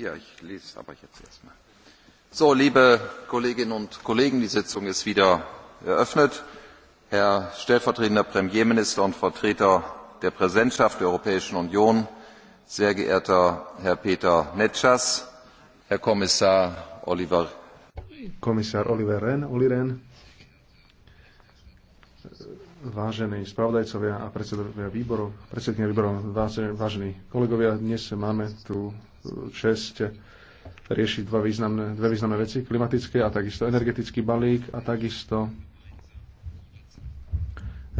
Ja, ich lese aber jetzt erstmal. So, liebe Kolleginnen und Kollegen, die Sitzung ist wieder eröffnet. Herr stellvertretender Premierminister und Vertreter der Präsidentschaft der Europäischen Union, sehr geehrter Herr Peter Netschas, Herr Kommissar Oliver, Kommissar Oliver Rehn, Oli Rehn vážení spravodajcovia a predsedovia výborov, predsedkynia výborov, vážení kolegovia, dnes máme tu eh, čest riešiť dva významné, dve významné veci, klimatické a takisto energetický balík a takisto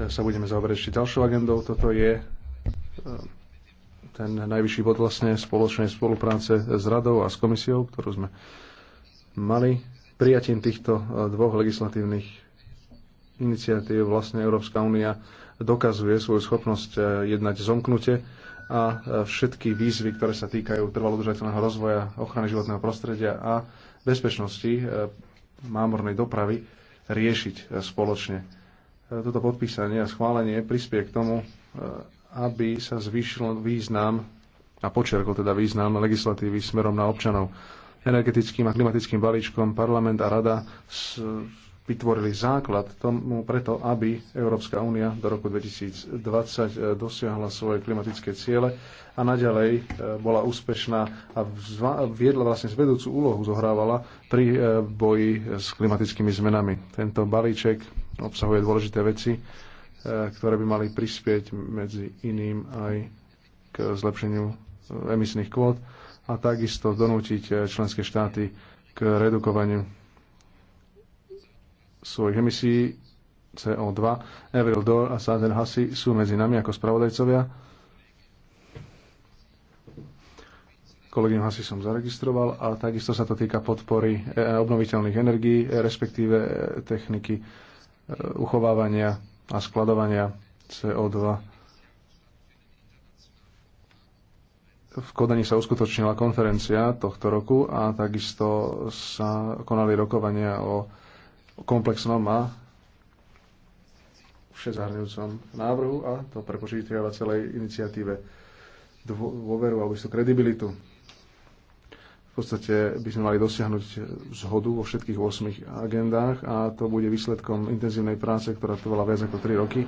eh, sa budeme zaoberať ešte ďalšou agendou. Toto je eh, ten najvyšší bod vlastne spoločnej spolupráce s radou a s komisiou, ktorú sme mali prijatím týchto dvoch legislatívnych iniciatív vlastne Európska únia dokazuje svoju schopnosť eh, jednať zomknutie a eh, všetky výzvy, ktoré sa týkajú trvalodržateľného rozvoja, ochrany životného prostredia a bezpečnosti eh, mámornej dopravy riešiť spoločne. Toto podpísanie a schválenie prispie k tomu, aby sa zvýšil význam a počerkol teda význam legislatívy smerom na občanov energetickým a klimatickým balíčkom parlament a rada vytvorili základ tomu preto, aby Európska únia do roku 2020 eh, dosiahla svoje klimatické ciele a naďalej eh, bola úspešná a viedla vlastne zvedúcu úlohu zohrávala pri eh, boji s klimatickými zmenami. Tento balíček obsahuje dôležité veci, ktoré by mali prispieť medzi iným aj k zlepšeniu emisných kvót a takisto donútiť členské štáty k redukovaniu svojich emisí CO2. Avril Dor a Sazen Hasi sú medzi nami ako spravodajcovia. Kolegyňu Hasi som zaregistroval a takisto sa to týka podpory e, e, obnoviteľných energií, e, respektíve techniky uchovávania a skladovania CO2. v Kodani sa uskutočnila konferencia tohto roku a takisto sa konali rokovania o komplexnom a všezahrňujúcom návrhu a to prepočítiva celej iniciatíve dôveru a istú kredibilitu. V podstate by sme mali dosiahnuť zhodu vo všetkých 8 agendách a to bude výsledkom intenzívnej práce, ktorá trvala viac ako 3 roky.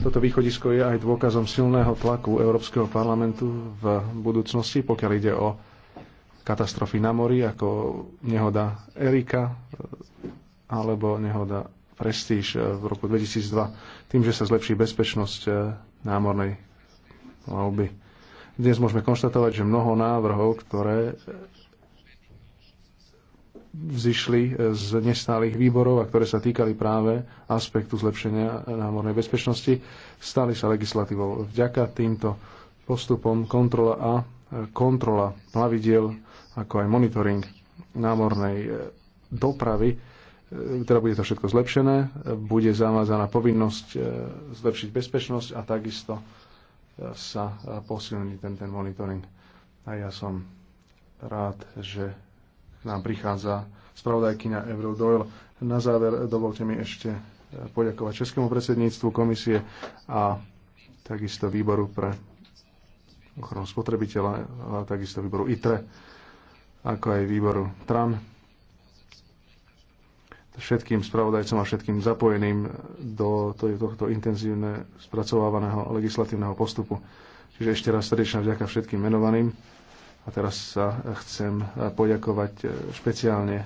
Toto východisko je aj dôkazom silného tlaku Európskeho parlamentu v budúcnosti, pokiaľ ide o katastrofy na mori, ako nehoda Erika e, alebo nehoda Prestíž e, v roku 2002, tým, že sa zlepší bezpečnosť e, námornej plavby. Dnes môžeme konštatovať, že mnoho návrhov, ktoré vzýšli z nestálych výborov a ktoré sa týkali práve aspektu zlepšenia námornej bezpečnosti, stali sa legislatívou. Vďaka týmto postupom kontrola a kontrola plavidiel ako aj monitoring námornej e, dopravy. E, teda bude to všetko zlepšené, e, bude zavázaná povinnosť zlepšiť bezpečnosť a takisto sa posilní ten, ten monitoring. A ja som rád, že k nám prichádza spravodajkyňa Evril Doyle. Na záver dovolte mi ešte poďakovať Českému predsedníctvu komisie a takisto výboru pre ochranu spotrebiteľa a takisto výboru ITRE ako aj výboru TRAN. Všetkým spravodajcom a všetkým zapojeným do tohto intenzívne spracovávaného legislatívneho postupu. Čiže ešte raz srdečná vďaka všetkým menovaným. A teraz sa chcem poďakovať e, špeciálne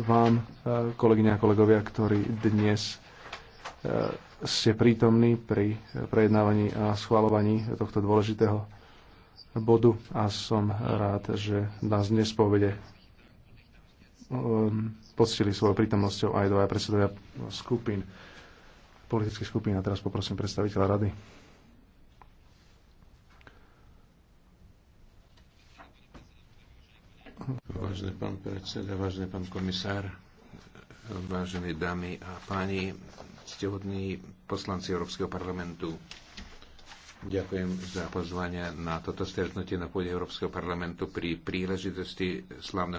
vám, e, kolegyne a kolegovia, ktorí dnes e, ste prítomní pri prejednávaní a schváľovaní tohto dôležitého bodu a som rád, že nás dnes povede um, poctili svojou prítomnosťou aj dvaja predsedovia skupín, politických skupín. A teraz poprosím predstaviteľa rady. Vážený pán predseda, vážený pán komisár, vážené dámy a páni, ctehodní poslanci Európskeho parlamentu. Ďakujem za pozvanie na toto stretnutie na pôde Európskeho parlamentu pri príležitosti slavného